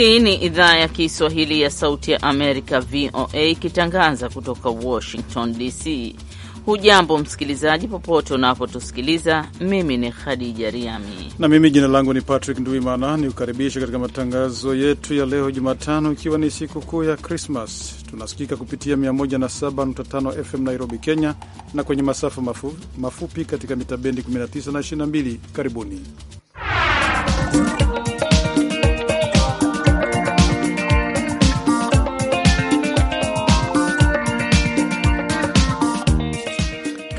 Hii ni idhaa ya Kiswahili ya Sauti ya Amerika, VOA, ikitangaza kutoka Washington DC. Hujambo msikilizaji, popote unapotusikiliza. Mimi ni Khadija Riami na mimi jina langu ni Patrick Nduimana, ni kukaribisha katika matangazo yetu ya leo Jumatano, ikiwa ni siku kuu ya Krismas. Tunasikika kupitia 107.5 FM Nairobi, Kenya, na kwenye masafa mafu, mafupi katika mita bendi 19 na 22. Karibuni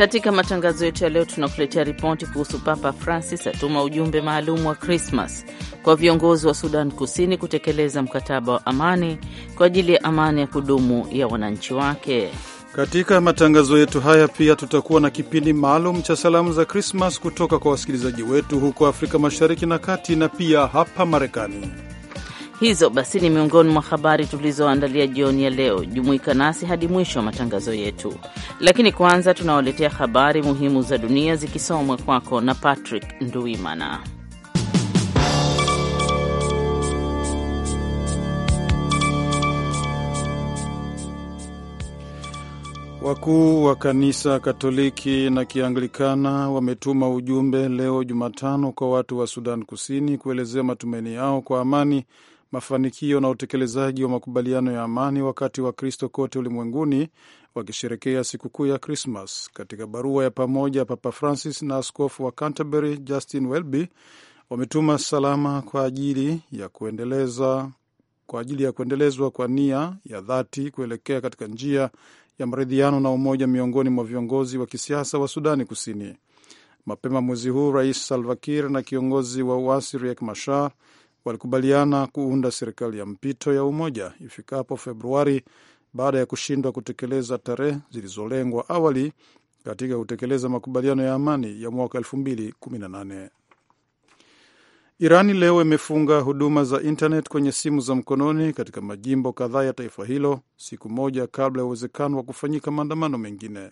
Katika matangazo yetu ya leo, tunakuletea ripoti kuhusu Papa Francis atuma ujumbe maalum wa Krismas kwa viongozi wa Sudan Kusini kutekeleza mkataba wa amani kwa ajili ya amani ya kudumu ya wananchi wake. Katika matangazo yetu haya pia tutakuwa na kipindi maalum cha salamu za Krismas kutoka kwa wasikilizaji wetu huko Afrika Mashariki na Kati na pia hapa Marekani. Hizo basi ni miongoni mwa habari tulizoandalia jioni ya leo. Jumuika nasi hadi mwisho wa matangazo yetu, lakini kwanza tunawaletea habari muhimu za dunia zikisomwa kwako na Patrick Nduimana. Wakuu wa kanisa Katoliki na Kianglikana wametuma ujumbe leo Jumatano kwa watu wa Sudan Kusini kuelezea matumaini yao kwa amani mafanikio na utekelezaji wa makubaliano ya amani, wakati wa kristo kote ulimwenguni wakisherekea sikukuu ya Krismas. Katika barua ya pamoja, Papa Francis na askofu wa Canterbury Justin Welby wametuma salama kwa ajili ya kuendeleza kwa ajili ya kuendelezwa kwa nia ya dhati kuelekea katika njia ya maridhiano na umoja miongoni mwa viongozi wa kisiasa wa Sudani Kusini. Mapema mwezi huu, Rais Salva Kiir na kiongozi wa uasi Riek Machar walikubaliana kuunda serikali ya mpito ya umoja ifikapo Februari baada ya kushindwa kutekeleza tarehe zilizolengwa awali katika kutekeleza makubaliano ya amani ya mwaka 2018. Irani leo imefunga huduma za intanet kwenye simu za mkononi katika majimbo kadhaa ya taifa hilo siku moja kabla ya uwezekano wa kufanyika maandamano mengine.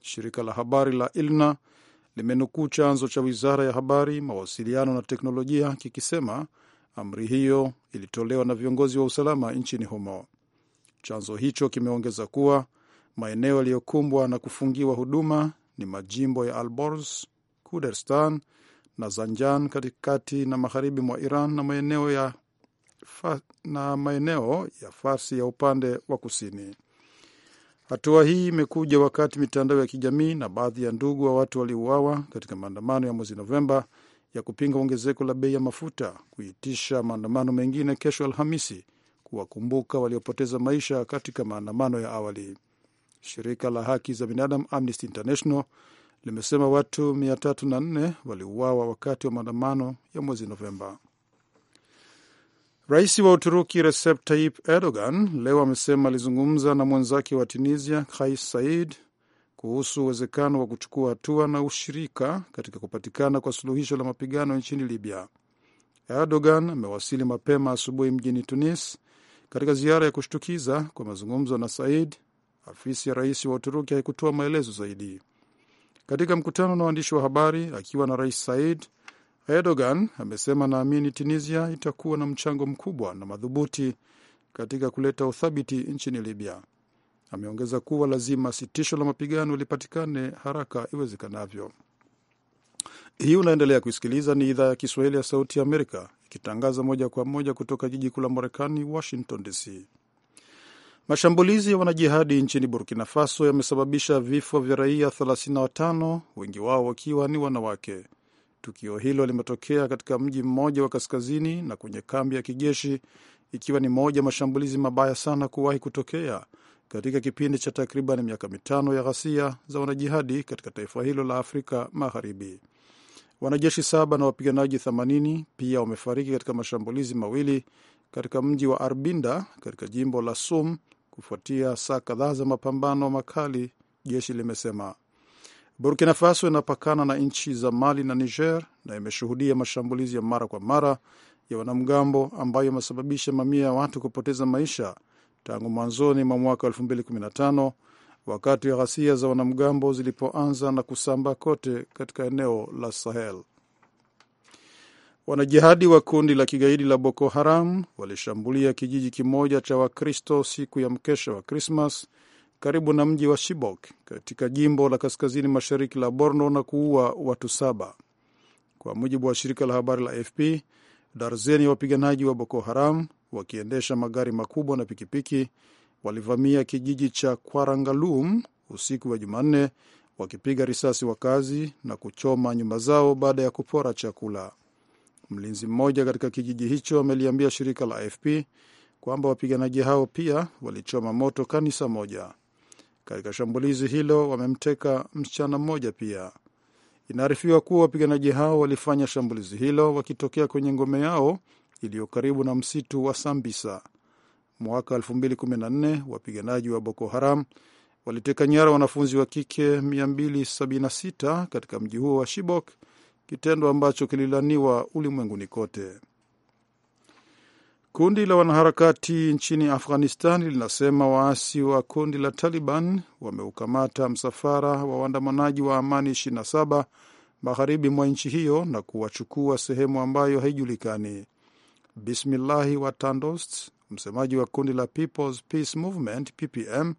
Shirika la habari la ILNA limenukuu chanzo cha wizara ya habari, mawasiliano na teknolojia kikisema Amri hiyo ilitolewa na viongozi wa usalama nchini humo. Chanzo hicho kimeongeza kuwa maeneo yaliyokumbwa na kufungiwa huduma ni majimbo ya Alborz, Kuderstan na Zanjan katikati na magharibi mwa Iran na maeneo ya, fa, na maeneo ya Farsi ya upande wa kusini. Hatua hii imekuja wakati mitandao ya kijamii na baadhi ya ndugu wa watu waliouawa katika maandamano ya mwezi Novemba ya kupinga ongezeko la bei ya mafuta kuitisha maandamano mengine kesho Alhamisi kuwakumbuka waliopoteza maisha katika maandamano ya awali. Shirika la haki za binadamu Amnesty International limesema watu 304 waliuawa wakati wa maandamano ya mwezi Novemba. Rais wa Uturuki Recep Tayyip Erdogan leo amesema alizungumza na mwenzake wa Tunisia Kais Said kuhusu uwezekano wa kuchukua hatua na ushirika katika kupatikana kwa suluhisho la mapigano nchini Libya. Erdogan amewasili mapema asubuhi mjini Tunis katika ziara ya kushtukiza kwa mazungumzo na Said. Afisi ya rais wa Uturuki haikutoa maelezo zaidi. Katika mkutano na waandishi wa habari akiwa na rais Said, Erdogan amesema, naamini Tunisia itakuwa na mchango mkubwa na madhubuti katika kuleta uthabiti nchini Libya. Ameongeza kuwa lazima sitisho la mapigano lipatikane haraka iwezekanavyo. Hii unaendelea kuisikiliza, ni idhaa ya Kiswahili ya Sauti ya Amerika ikitangaza moja kwa moja kutoka jiji kuu la Marekani, Washington DC. Mashambulizi ya wanajihadi nchini Burkina Faso yamesababisha vifo vya raia 35 wengi wao wakiwa ni wanawake. Tukio hilo limetokea katika mji mmoja wa kaskazini na kwenye kambi ya kijeshi, ikiwa ni moja mashambulizi mabaya sana kuwahi kutokea katika kipindi cha takriban miaka mitano ya ghasia za wanajihadi katika taifa hilo la Afrika Magharibi. Wanajeshi saba na wapiganaji 80 pia wamefariki katika mashambulizi mawili katika mji wa Arbinda katika jimbo la Sum kufuatia saa kadhaa za mapambano makali, jeshi limesema. Burkina Faso inapakana na nchi za Mali na Niger na imeshuhudia mashambulizi ya mara kwa mara ya wanamgambo ambayo yamesababisha mamia ya watu kupoteza maisha tangu mwanzoni mwa mwaka 2015 wakati wa ghasia za wanamgambo zilipoanza na kusambaa kote katika eneo la Sahel. Wanajihadi wa kundi la kigaidi la Boko Haram walishambulia kijiji kimoja cha Wakristo siku ya mkesha wa Krismas karibu na mji wa Shibok katika jimbo la kaskazini mashariki la Borno na kuua watu saba, kwa mujibu wa shirika la habari la AFP. Darzeni ya wapiganaji wa Boko Haram wakiendesha magari makubwa na pikipiki walivamia kijiji cha Kwarangalum usiku wa Jumanne, wakipiga risasi wakazi na kuchoma nyumba zao baada ya kupora chakula. Mlinzi mmoja katika kijiji hicho ameliambia shirika la AFP kwamba wapiganaji hao pia walichoma moto kanisa moja. Katika shambulizi hilo wamemteka msichana mmoja pia. Inaarifiwa kuwa wapiganaji hao walifanya shambulizi hilo wakitokea kwenye ngome yao iliyo karibu na msitu wa Sambisa. Mwaka 2014 wapiganaji wa Boko Haram waliteka nyara wanafunzi wa kike 276 katika mji huo wa Shibok, kitendo ambacho kililaniwa ulimwenguni kote. Kundi la wanaharakati nchini Afghanistan linasema waasi wa kundi la Taliban wameukamata msafara wa waandamanaji wa amani 27 magharibi mwa nchi hiyo na kuwachukua sehemu ambayo haijulikani. Bismillahi Watandost, msemaji wa kundi la People's Peace Movement PPM,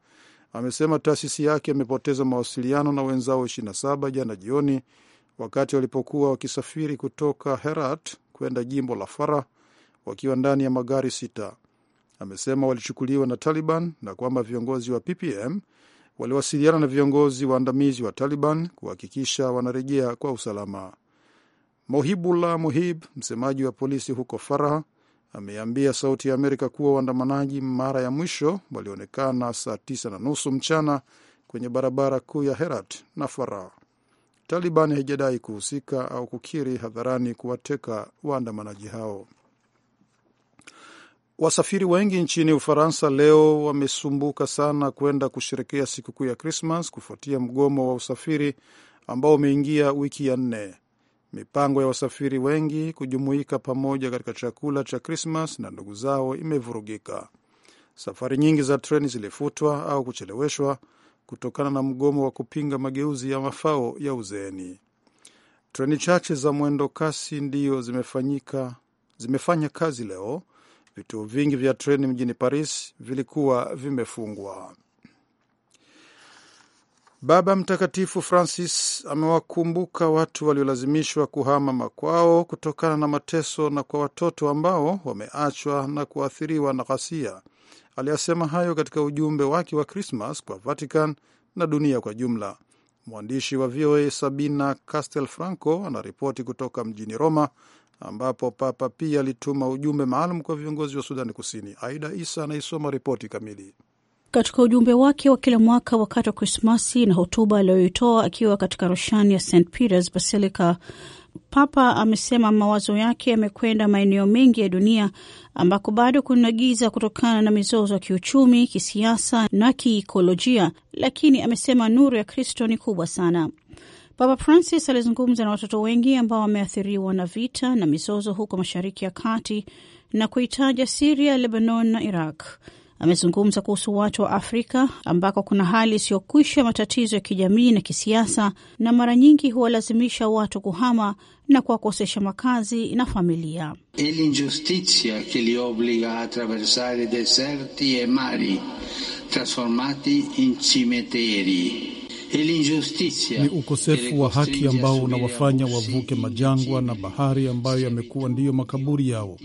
amesema taasisi yake imepoteza mawasiliano na wenzao 27 jana jioni wakati walipokuwa wakisafiri kutoka Herat kwenda jimbo la Farah wakiwa ndani ya magari sita. Amesema walichukuliwa na Taliban na kwamba viongozi wa PPM waliwasiliana na viongozi waandamizi wa Taliban kuhakikisha wanarejea kwa usalama. Mohibullah Muhib, msemaji wa polisi huko Faraha, ameambia Sauti ya Amerika kuwa waandamanaji mara ya mwisho walionekana saa tisa na nusu mchana kwenye barabara kuu ya Herat na Faraha. Taliban haijadai kuhusika au kukiri hadharani kuwateka waandamanaji hao. Wasafiri wengi nchini Ufaransa leo wamesumbuka sana kwenda kusherekea sikukuu ya Krismas kufuatia mgomo wa usafiri ambao umeingia wiki ya nne. Mipango ya wasafiri wengi kujumuika pamoja katika chakula cha Krismas na ndugu zao imevurugika. Safari nyingi za treni zilifutwa au kucheleweshwa kutokana na mgomo wa kupinga mageuzi ya mafao ya uzeeni. Treni chache za mwendo kasi ndiyo zimefanyika, zimefanya kazi leo. Vituo vingi vya treni mjini Paris vilikuwa vimefungwa. Baba Mtakatifu Francis amewakumbuka watu waliolazimishwa kuhama makwao kutokana na mateso na kwa watoto ambao wameachwa na kuathiriwa na ghasia. Aliyasema hayo katika ujumbe wake wa Krismas kwa Vatican na dunia kwa jumla. Mwandishi wa VOA Sabina Castel Franco anaripoti kutoka mjini Roma, ambapo Papa pia alituma ujumbe maalum kwa viongozi wa Sudani Kusini. Aida Isa anaisoma ripoti kamili katika ujumbe wake wa kila mwaka wakati wa Krismasi na hotuba aliyoitoa akiwa katika roshani ya St Peters Basilica, Papa amesema mawazo yake yamekwenda maeneo mengi ya dunia ambako bado kuna giza kutokana na mizozo ya kiuchumi, kisiasa na kiikolojia, lakini amesema nuru ya Kristo ni kubwa sana. Papa Francis alizungumza na watoto wengi ambao wameathiriwa na vita na mizozo huko Mashariki ya Kati na kuitaja Siria, Lebanon na Iraq amezungumza kuhusu watu wa Afrika ambako kuna hali isiyokwisha matatizo ya kijamii na kisiasa, na mara nyingi huwalazimisha watu kuhama na kuwakosesha makazi na familia. E l'ingiustizia che li obbliga a attraversare deserti e mari trasformati in cimiteri ni ukosefu wa haki ambao unawafanya wavuke majangwa na bahari ambayo yamekuwa ndiyo makaburi yao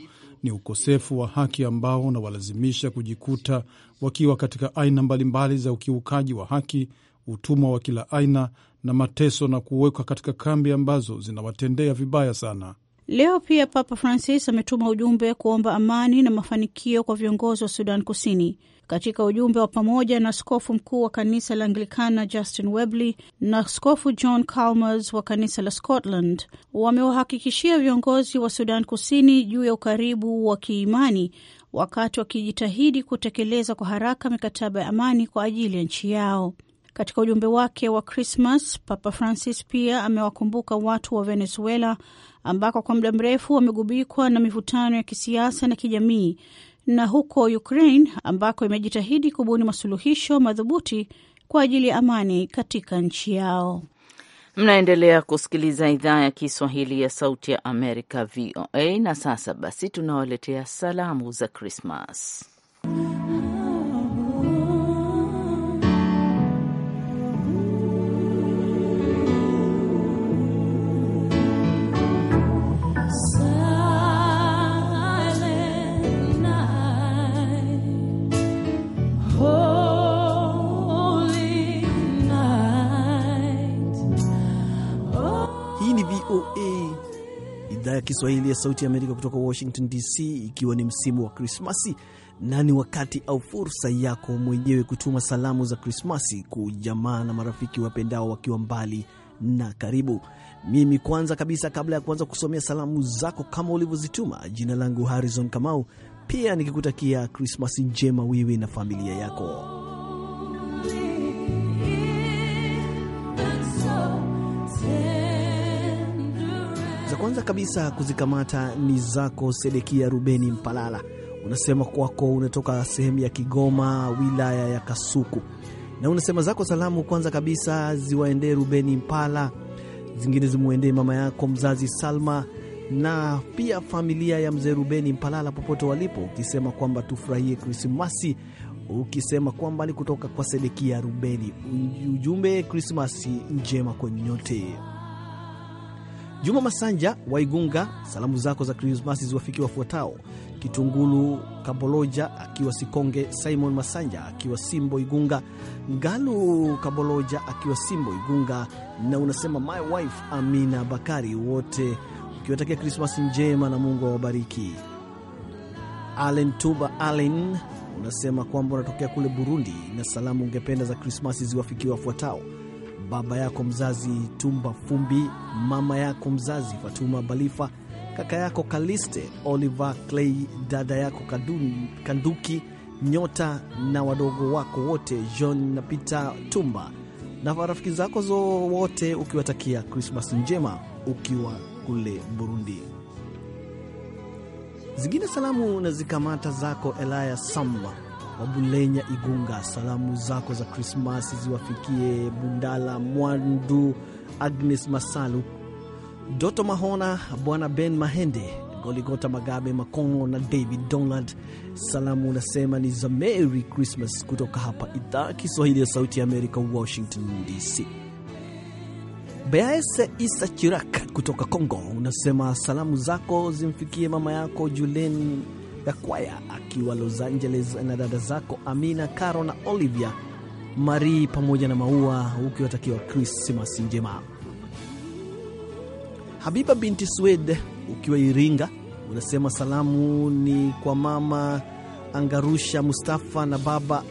ni ukosefu wa haki ambao unawalazimisha kujikuta wakiwa katika aina mbalimbali za ukiukaji wa haki, utumwa wa kila aina na mateso, na kuwekwa katika kambi ambazo zinawatendea vibaya sana. Leo pia Papa Francis ametuma ujumbe kuomba amani na mafanikio kwa viongozi wa Sudan Kusini. Katika ujumbe wa pamoja na askofu mkuu wa kanisa la Anglikana Justin webly na askofu John calmers wa kanisa la Scotland, wamewahakikishia viongozi wa Sudan Kusini juu ya ukaribu wa kiimani wakati wakijitahidi kutekeleza kwa haraka mikataba ya amani kwa ajili ya nchi yao. Katika ujumbe wake wa Krismas, Papa Francis pia amewakumbuka watu wa Venezuela ambako kwa muda mrefu wamegubikwa na mivutano ya kisiasa na kijamii, na huko Ukraine ambako imejitahidi kubuni masuluhisho madhubuti kwa ajili ya amani katika nchi yao. Mnaendelea kusikiliza idhaa ya Kiswahili ya Sauti ya Amerika, VOA. Na sasa basi tunawaletea salamu za Krismas. Kiswahili ya Sauti ya Amerika kutoka Washington DC, ikiwa ni msimu wa Krismasi na ni wakati au fursa yako mwenyewe kutuma salamu za Krismasi kwa jamaa na marafiki wapendao wakiwa mbali na karibu. Mimi kwanza kabisa, kabla ya kuanza kusomea salamu zako kama ulivyozituma, jina langu Harrison Kamau, pia nikikutakia Krismasi njema wiwi na familia yako. kwanza kabisa kuzikamata ni zako Sedekia Rubeni Mpalala. Unasema kwako unatoka sehemu ya Kigoma, wilaya ya Kasuku, na unasema zako salamu kwanza kabisa ziwaendee Rubeni Mpala, zingine zimwendee mama yako mzazi Salma na pia familia ya mzee Rubeni Mpalala popote walipo, ukisema kwamba tufurahie Krismasi, ukisema kwamba ni kutoka kwa Sedekia Rubeni. Ujumbe Krismasi njema kwenyote nyote. Juma Masanja Waigunga, salamu zako za Krismasi ziwafikie wafuatao: Kitungulu Kaboloja akiwa Sikonge, Simon Masanja akiwa Simbo Igunga, Ngalu Kaboloja akiwa Simbo Igunga, na unasema my wife Amina Bakari, wote ukiwatakia Krismasi njema na Mungu awabariki. Allen Tuba Allen unasema kwamba unatokea kule Burundi na salamu ungependa za Krismasi ziwafikie wafuatao baba yako mzazi Tumba Fumbi, mama yako mzazi Fatuma Balifa, kaka yako Kaliste Oliver Clay, dada yako Kadun, Kanduki Nyota na wadogo wako wote John na Peter Tumba na rafiki zako wote, ukiwatakia Krismas njema ukiwa kule Burundi. Zingine salamu na zikamata zako Elaya Samwa Wabulenya Igunga, salamu zako za Krismasi ziwafikie Bundala Mwandu, Agnes Masalu, Doto Mahona, Bwana Ben Mahende, Goligota Magabe Makongo na David Donald. Salamu unasema ni za Merry Christmas kutoka hapa idhaa Kiswahili ya Sauti ya Amerika, Washington DC. bease Isa Chirak kutoka congo unasema salamu zako zimfikie mama yako Julen kwaya akiwa Los Angeles na dada zako Amina, Caro na Olivia Marie pamoja na Maua, ukiwatakiwa crismas njema. Habiba binti Swed ukiwa Iringa unasema salamu ni kwa mama Angarusha Mustafa na baba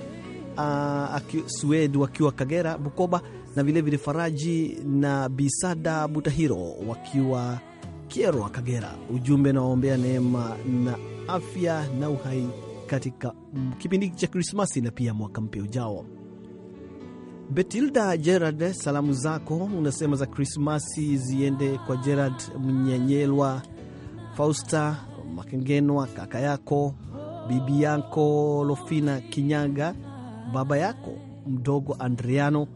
uh, Swed wakiwa Kagera, Bukoba na vilevile vile Faraji na Bisada Butahiro wakiwa Kierwa, Kagera. Ujumbe nawaombea neema na afya na uhai katika mm, kipindi cha Krismasi na pia mwaka mpya ujao. Betilda Gerard, salamu zako unasema za Krismasi ziende kwa Gerard Mnyenyelwa, Fausta Makengenwa, kaka yako, bibi yako Lofina Kinyaga, baba yako mdogo Andriano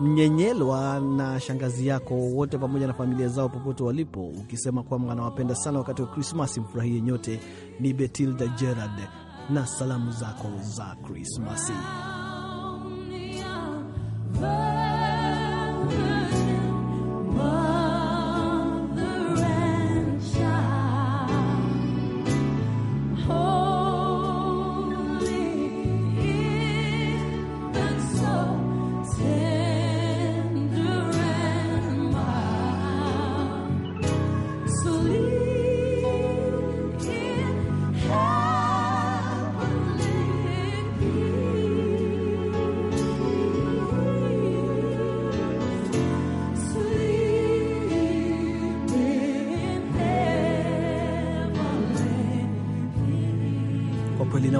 Mnyenyelwa na shangazi yako wote pamoja na familia zao popote walipo, ukisema kwamba anawapenda sana. Wakati wa Krismasi mfurahie nyote. Ni Betilda Gerard na salamu zako za Krismasi.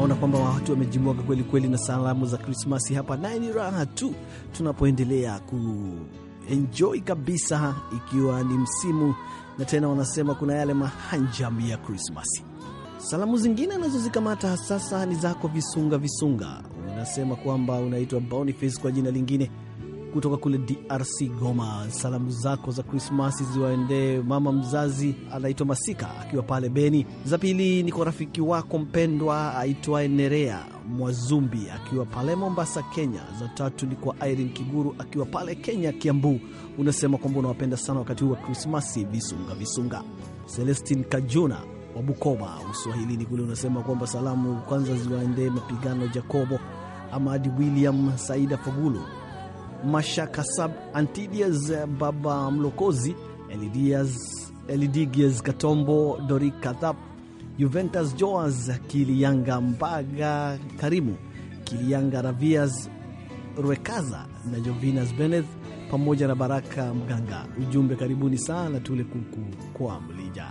naona kwamba watu wamejimwaga kweli kweli na salamu za Krismasi hapa, naye ni raha tu tunapoendelea kuenjoy kabisa, ikiwa ni msimu na tena wanasema kuna yale mahanjam ya Krismasi. Salamu zingine anazozikamata sasa ni zako Visunga Visunga, unasema kwamba unaitwa Boniface kwa jina lingine kutoka kule DRC Goma. Salamu zako za Krismasi ziwaendee mama mzazi anaitwa Masika akiwa pale Beni. Za pili ni kwa rafiki wako mpendwa aitwaye Nerea Mwazumbi akiwa pale Mombasa, Kenya. Za tatu ni kwa Irene Kiguru akiwa pale Kenya, Kiambu. Unasema kwamba unawapenda sana wakati huu wa Krismasi. Visunga visunga. Celestin Kajuna wa Bukoba Uswahilini kule unasema kwamba salamu kwanza ziwaendee Mapigano Jacobo Amadi William Saida Fagulu Mashaka Sab, Antidias Baba Mlokozi, Elidigias Katombo, Dori Kadhap, Juventus Joas, Kilianga Mbaga, Karimu Kiliyanga, Ravias Rwekaza na Jovinas Beneth pamoja na Baraka Mganga. Ujumbe, karibuni sana tule kuku kwa mlija.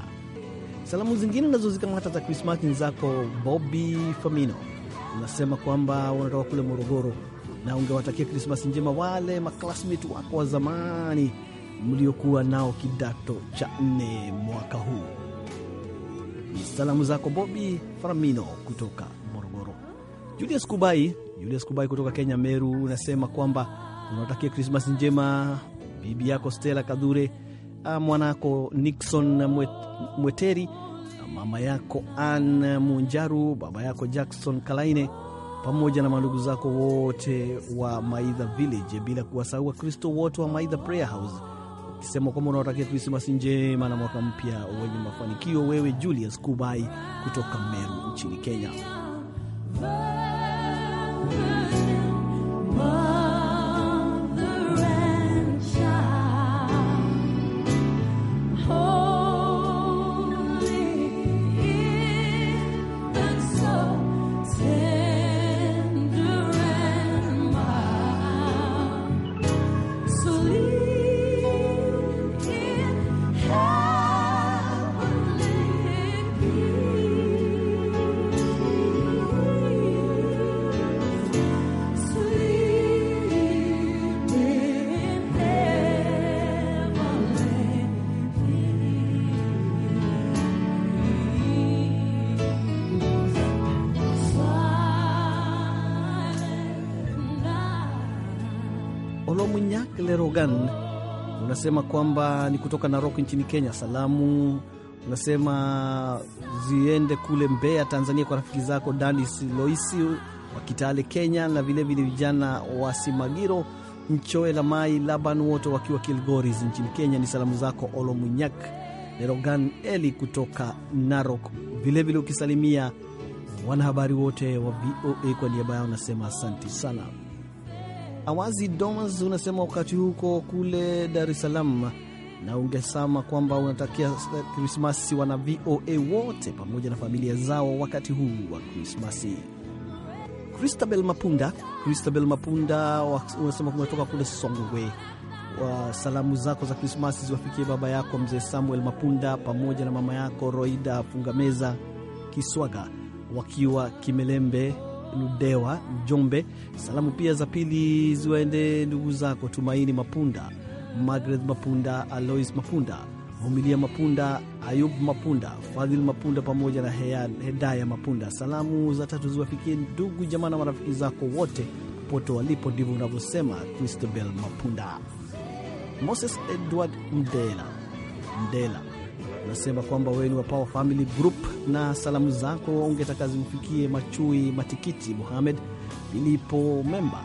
Salamu zingine nazozikamata za Krismasi ni zako Bobi Famino, unasema kwamba wanatoka kule Morogoro na ungewatakia Krismasi njema wale maklasmeti wako wa zamani mliokuwa nao kidato cha nne mwaka huu. Ni salamu zako Bobi framino kutoka Morogoro. Julius Kubai, Julius Kubai kutoka Kenya, Meru, unasema kwamba unawatakia Krismasi njema bibi yako Stela Kadhure, mwanako Nixon Mweteri, mama yako Ann Munjaru, baba yako Jackson Kalaine pamoja na mandugu zako wote wa Maidha Village, bila kuwasahau Wakristo wote wa Maidha Prayer House, ukisema kwamba unawatakia Krismasi njema na mwaka mpya wenye mafanikio. Wewe Julius Kubai kutoka Meru nchini Kenya. Munyak Lerogan unasema kwamba ni kutoka Narok nchini Kenya. Salamu unasema ziende kule Mbeya, Tanzania, kwa rafiki zako Danis Loisi wa Kitale, Kenya, na vilevile vijana wa Simagiro Mchoe mai Laban, wote wakiwa Kilgoris nchini Kenya. Ni salamu zako Olo Munyak Lerogan Eli kutoka Narok, vilevile ukisalimia wanahabari wote wa VOA. Kwa niaba yao nasema asanti sana. Awazi Domas unasema wakati huko kule Dar es Salaam, na ungesema kwamba unatakia eh, Krismasi wana VOA wote pamoja na familia zao wakati huu wa Krismasi. Christabel Mapunda, Christabel Mapunda unasema umetoka kule Songwe. Wa salamu zako za Krismasi ziwafikie baba yako mzee Samuel Mapunda pamoja na mama yako Roida Fungameza Kiswaga wakiwa Kimelembe Ludewa, Njombe. Salamu pia za pili ziwaende ndugu zako Tumaini Mapunda, Margaret Mapunda, Alois Mapunda, vumilia Mapunda, Ayub Mapunda, Fadhil Mapunda pamoja na Hedaya Mapunda. Salamu za tatu ziwafikie ndugu jamaa na marafiki zako wote popote walipo, ndivyo unavyosema Christabel Mapunda. Moses Edward Mdela Mdela unasema kwamba wewe ni wa Power Family Group na salamu zako ungetaka zimfikie Machui Matikiti, Muhamed Filipo Memba,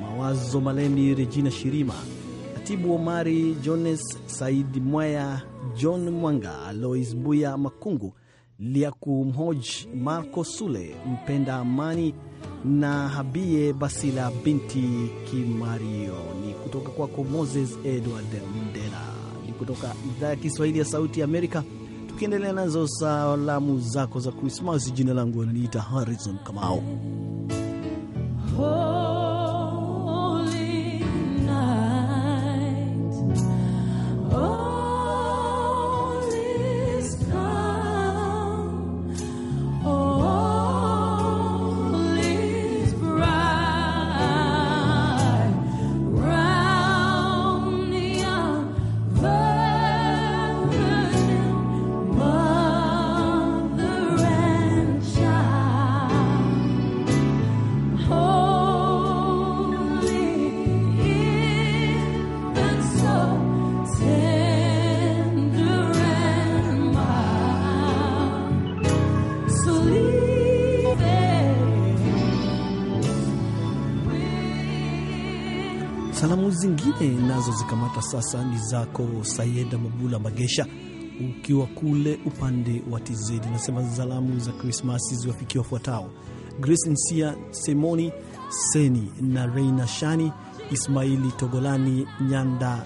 Mawazo Malemi, Regina Shirima, Atibu Omari, Jones Saidi Mwaya, John Mwanga, Alois Mbuya Makungu, Liaku Mhoj, Marco Sule, Mpenda Amani na Habie Basila binti Kimario. Ni kutoka kwako Moses Edward Mdela, ni kutoka idhaa ya Kiswahili ya Sauti ya Amerika tukiendelea nazo salamu zako za Krismasi. Jina langu ananiita Harrison Kamau. Oh. zingine nazo zikamata sasa ni zako Sayeda Mabula Magesha, ukiwa kule upande wa TZ. Nasema salamu za Krismasi ziwafikia wafuatao: Grace Nsia Semoni Seni na Reina Shani, Ismaili Togolani, Nyanda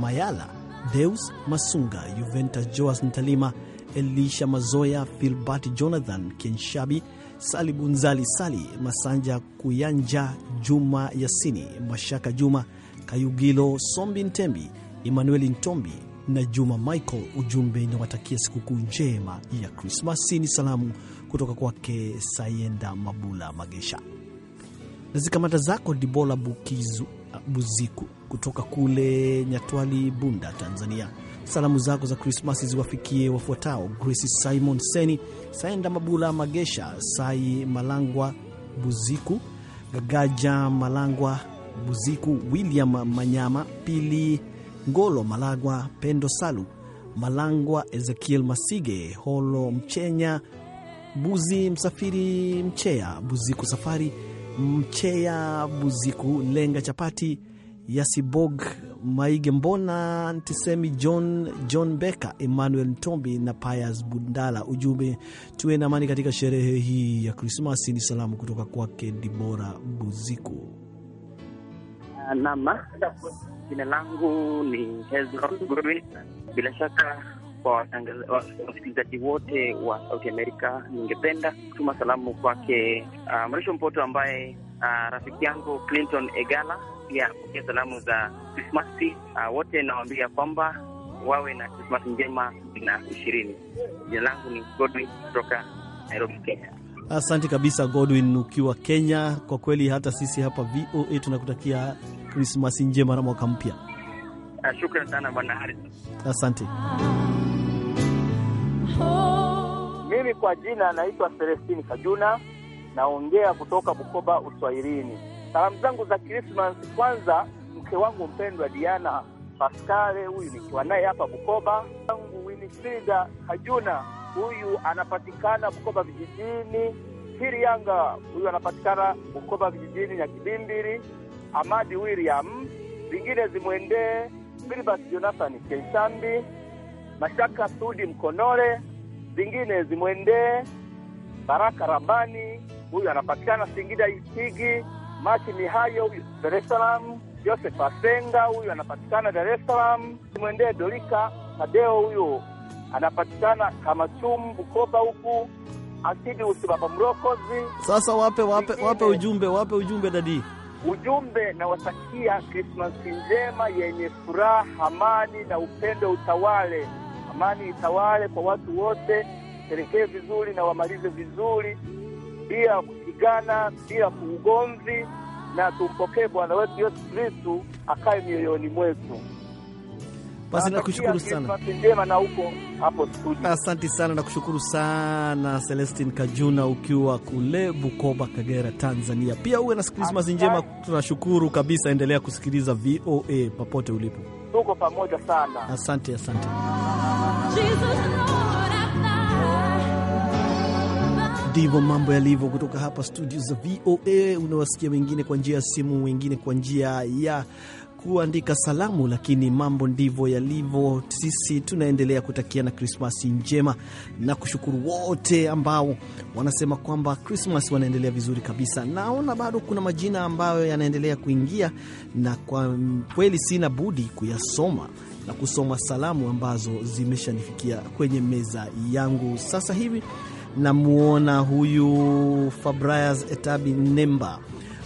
Mayala, Deus Masunga, Juventus Joas Ntalima, Elisha Mazoya, Filbert Jonathan Kenshabi, Sali Bunzali, Sali Masanja Kuyanja, Juma Yasini, Mashaka Juma Kayugilo Sombi Ntembi, Emmanuel Ntombi na Juma Michael. Ujumbe inawatakia sikukuu njema ya Krismasi. Ni salamu kutoka kwake Sayenda Mabula Magesha na zikamata zako Dibola Bukizu Buziku kutoka kule Nyatwali, Bunda, Tanzania. Salamu zako za Krismasi ziwafikie wafuatao: Grace Simon Seni, Saenda Mabula Magesha, Sai Malangwa Buziku, Gagaja Malangwa Buziku, William Manyama, Pili Ngolo Malagwa, Pendo Salu Malangwa, Ezekiel Masige, Holo Mchenya, Buzi Msafiri, Mchea Buziku, Safari Mchea Buziku, Lenga Chapati, Yasibog Maige, Mbona Ntisemi, John John Beka, Emmanuel Ntombi na Pius Bundala. Ujumbe, tuwe na amani katika sherehe hii ya Krismasi, ni salamu kutoka kwake Dibora Buziku. Nama, jina langu ni Hezron Gurwi. Bila shaka kwa wasikilizaji wote wa Sauti Amerika, ningependa kutuma salamu kwake uh, ah, Mrisho Mpoto ambaye uh, rafiki yangu Clinton Egala pia apokea salamu za Krismasi. Uh, wote nawaambia kwamba wawe na Krismasi njema na ishirini. Jina langu ni Godwin kutoka Nairobi, Kenya. Asante kabisa Godwin, ukiwa Kenya. Kwa kweli hata sisi hapa VOA tunakutakia Krismasi njema na mwaka mpya. Shukran sana bwana Haris, asante. Mimi kwa jina naitwa Selestini Kajuna, naongea kutoka Bukoba Uswahilini. Salamu zangu za Krismas kwanza, mke wangu mpendwa Diana Paskale, huyu nikiwa naye hapa Bukoba, angu Winifrida Kajuna huyu anapatikana Bukoba vijijini. Kirianga, huyu anapatikana Bukoba vijijini Nyakibimbiri. Amadi William, zingine zimwendee Filibas Jonathan Keisambi, Mashaka Sudi Mkonole, zingine zimwendee Baraka Rabani, huyu anapatikana Singida isigi Machi Mihayo Dar es Salaam. Joseph Asenga huyu anapatikana Dar es Salaam, zimwendee Dorika Tadeo huyu anapatikana kama sumu Bukoba huku asidi usibaba mrokozi. Sasa wape wape wape ujumbe, wape ujumbe dadi Ujumbe na watakia njema yenye furaha, amani na upendo utawale. Amani itawale kwa watu wote, sherekee vizuri na wamalize vizuri bila kupigana, bila kuugomvi, na tumpokee Bwana wetu Yesu Kristu akaye mioyoni mwetu. Basi nakushukuru sana, na Asante sana, nakushukuru sana Celestin Kajuna ukiwa kule Bukoba, Kagera, Tanzania. Pia uwe na krismasi njema, tunashukuru kabisa. Endelea kusikiliza VOA popote ulipo, tuko pamoja sana. Asante, asante Jesus. Ndivyo mambo yalivyo kutoka hapa studio za VOA. Unawasikia wengine kwa njia ya simu, wengine kwa njia ya kuandika salamu, lakini mambo ndivyo yalivyo. Sisi tunaendelea kutakia na Krismasi njema na kushukuru wote ambao wanasema kwamba Krismasi wanaendelea vizuri kabisa. Naona bado kuna majina ambayo yanaendelea kuingia, na kwa kweli sina budi kuyasoma na kusoma salamu ambazo zimeshanifikia kwenye meza yangu sasa hivi. Namwona huyu Fabrias Etabi Nemba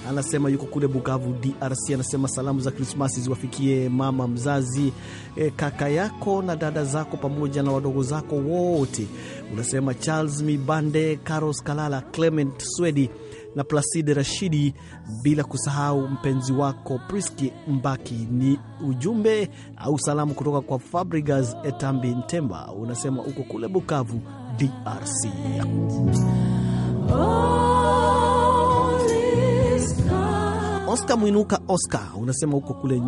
anasema yuko kule Bukavu, DRC. Anasema salamu za Krismasi ziwafikie mama mzazi, e, kaka yako na dada zako pamoja na wadogo zako wote. Unasema Charles Mibande, Carlos Kalala, Clement Swedi na Placide Rashidi, bila kusahau mpenzi wako Priski Mbaki. Ni ujumbe au salamu kutoka kwa Fabrigas Etambi Ntemba, unasema uko kule Bukavu, DRC. Oh. Oscar Mwinuka. Oscar, unasema huko kule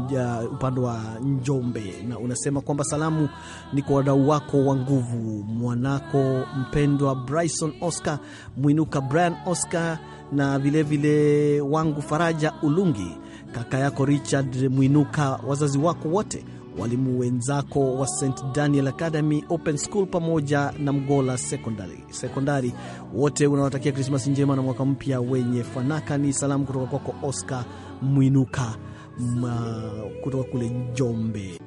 upande wa Njombe, na unasema kwamba salamu ni kwa wadau wako wa nguvu, mwanako mpendwa Bryson Oscar Mwinuka, Brian Oscar na vilevile vile wangu Faraja Ulungi, kaka yako Richard Mwinuka, wazazi wako wote walimu wenzako wa St Daniel Academy Open School pamoja na Mgola Sekondari Sekondari, wote unawatakia Krismasi njema na mwaka mpya wenye fanaka. Ni salamu kutoka kwako Oscar Mwinuka ma, kutoka kule Njombe.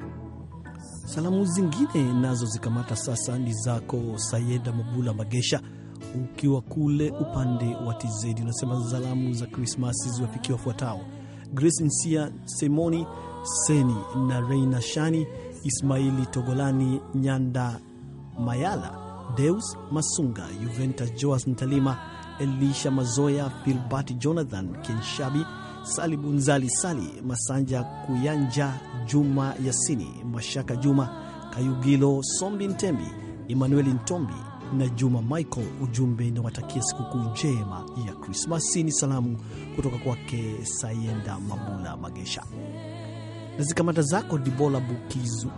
Salamu zingine nazo zikamata sasa ni zako Sayeda Mabula Magesha ukiwa kule upande wa Tizedi, unasema salamu za Krismasi ziwafikia wafuatao: Grace Nsia Semoni Seni na Reina Shani, Ismaili Togolani, Nyanda Mayala, Deus Masunga, Juventa Joas Ntalima, Elisha Mazoya, Filbert Jonathan Kenshabi, Sali Bunzali, Sali, Masanja Kuyanja, Juma Yasini, Mashaka Juma, Kayugilo Sombi Ntembi, Emmanuel Ntombi na Juma Michael. Ujumbe inawatakia sikukuu njema ya Krismasi. Ni salamu kutoka kwake Sayenda Mabula Magesha na zikamata zako Dibola Bukizu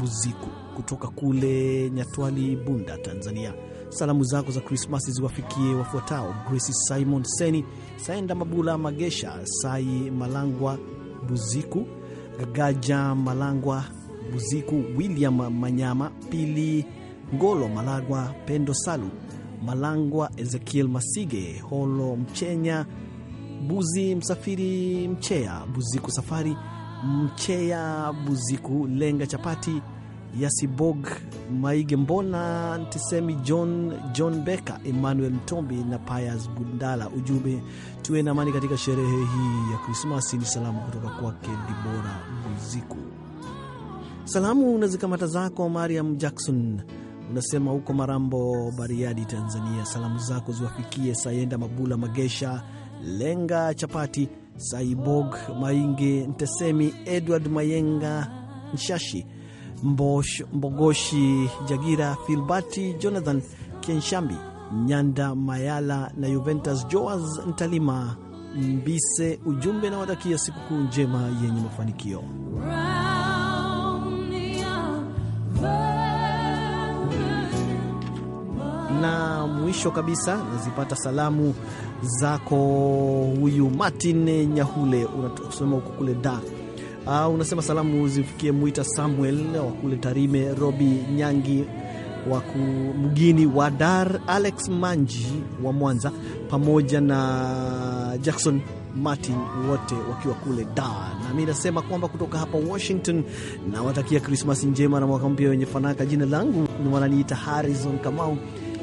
Buziku kutoka kule Nyatwali, Bunda, Tanzania. Salamu zako za Krismasi ziwafikie wafuatao: Grace Simon Seni, Saenda Mabula Magesha, Sai Malangwa Buziku, Gagaja Malangwa Buziku, William Manyama, Pili Ngolo Malangwa, Pendo Salu Malangwa, Ezekiel Masige, Holo Mchenya Buzi, Msafiri Mchea Buziku, Safari Mcheya Buziku Lenga Chapati Yasibog Maige Mbona Ntisemi John John Beka, Emmanuel mtombi na payas Bundala. Ujumbe, tuwe na amani katika sherehe hii ya Krismasi ni salamu kutoka kwake Dibora Buziku. Salamu na zikamata zako Mariam Jackson unasema huko Marambo, Bariadi, Tanzania. Salamu zako ziwafikie Sayenda Mabula Magesha Lenga Chapati Saibog Mainge, Ntesemi Edward Mayenga, Nshashi Mbosh, Mbogoshi Jagira, Filbati Jonathan Kenshambi, Nyanda Mayala na Juventus Joas Ntalima Mbise. Ujumbe na watakia sikukuu njema yenye mafanikio. na mwisho kabisa nazipata salamu zako, huyu Martin Nyahule, unasema uko kule da Uh, ah, unasema salamu zifikie Mwita Samuel wa kule Tarime, Robi Nyangi wa mgini wa Dar, Alex Manji wa Mwanza pamoja na Jackson Martin wote wakiwa kule da. Na mi nasema kwamba kutoka hapa Washington nawatakia Krismasi njema na mwaka mpya wenye fanaka. Jina langu ni wananiita Harrison Kamau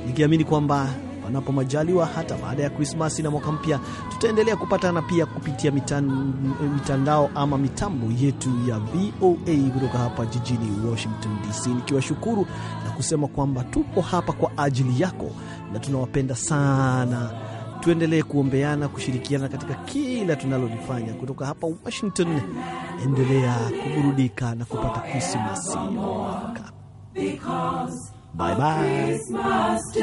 nikiamini kwamba panapo majaliwa, hata baada ya Krismasi na mwaka mpya, tutaendelea kupatana pia kupitia mitandao ama mitambo yetu ya VOA kutoka hapa jijini Washington DC, nikiwashukuru na kusema kwamba tupo hapa kwa ajili yako na tunawapenda sana. Tuendelee kuombeana, kushirikiana katika kila tunalolifanya. Kutoka hapa Washington, endelea kuburudika na kupata Krismasi mwaka Bye bye.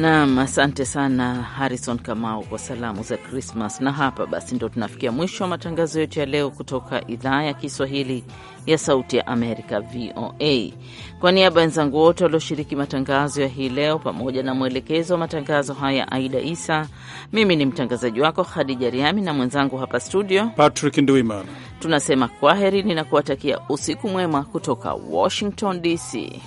Naam, asante sana Harrison Kamau kwa salamu za Krismas. Na hapa basi ndo tunafikia mwisho wa matangazo yote ya leo kutoka idhaa ya Kiswahili ya Sauti ya Amerika, VOA. Kwa niaba ya wenzangu wote walioshiriki matangazo ya hii leo pamoja na mwelekezo wa matangazo haya Aida Isa, mimi ni mtangazaji wako Khadija Riami na mwenzangu hapa studio Patrick Ndwimana, tunasema kwaherini na kuwatakia usiku mwema kutoka Washington DC.